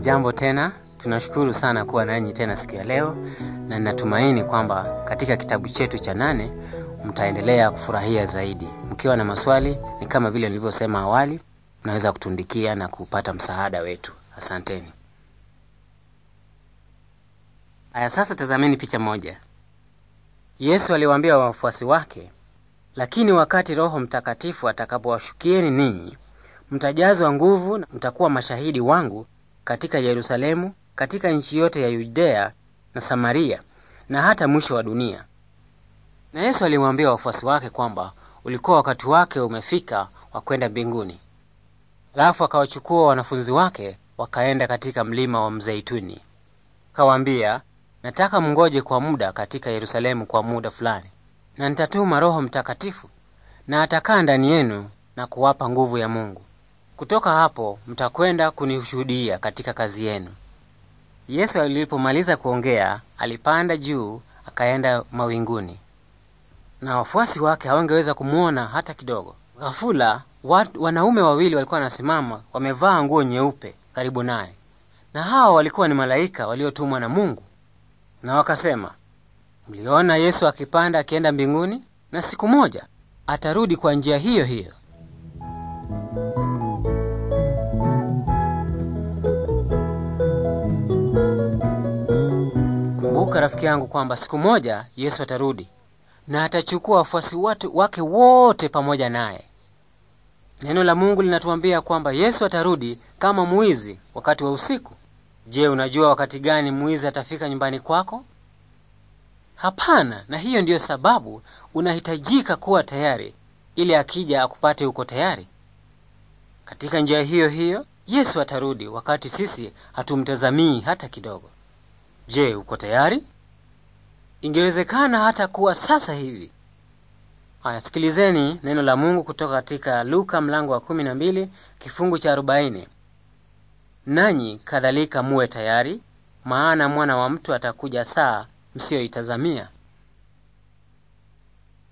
Jambo tena, tunashukuru sana kuwa nanyi tena siku ya leo, na ninatumaini kwamba katika kitabu chetu cha nane mtaendelea kufurahia zaidi. Mkiwa na maswali, ni kama vile nilivyosema awali, mnaweza kutundikia na kupata msaada wetu. Asanteni. Aya, sasa tazameni picha moja. Yesu aliwaambia wafuasi wake, lakini wakati Roho Mtakatifu atakapowashukieni ninyi, mtajazwa nguvu, na mtakuwa mashahidi wangu katika Yerusalemu, katika nchi yote ya Yudea na Samaria na hata mwisho wa dunia. Na Yesu aliwaambia wafuasi wake kwamba ulikuwa wakati wake umefika wa kwenda mbinguni. Alafu akawachukua wanafunzi wake wakaenda katika mlima wa Mzeituni. Akawaambia, nataka mngoje kwa muda katika Yerusalemu kwa muda fulani, na nitatuma Roho Mtakatifu, na atakaa ndani yenu na kuwapa nguvu ya Mungu. Kutoka hapo mtakwenda kunishuhudia katika kazi yenu. Yesu alipomaliza kuongea, alipanda juu akaenda mawinguni, na wafuasi wake hawangeweza kumwona hata kidogo. Ghafula wanaume wawili walikuwa wanasimama wamevaa nguo nyeupe karibu naye, na hawa walikuwa ni malaika waliotumwa na Mungu, na wakasema, mliona Yesu akipanda akienda mbinguni, na siku moja atarudi kwa njia hiyo hiyo. kumbuka rafiki yangu kwamba siku moja Yesu atarudi na atachukua wafuasi wake wote pamoja naye. Neno la Mungu linatuambia kwamba Yesu atarudi kama mwizi wakati wa usiku. Je, unajua wakati gani mwizi atafika nyumbani kwako? Hapana. Na hiyo ndiyo sababu unahitajika kuwa tayari ili akija akupate uko tayari. Katika njia hiyo hiyo Yesu atarudi wakati sisi hatumtazamii hata kidogo. Je, uko tayari? Ingewezekana hata kuwa sasa hivi. Haya, sikilizeni neno la Mungu kutoka katika Luka mlango wa kumi na mbili kifungu cha arobaini nanyi kadhalika muwe tayari, maana mwana wa mtu atakuja saa msiyoitazamia.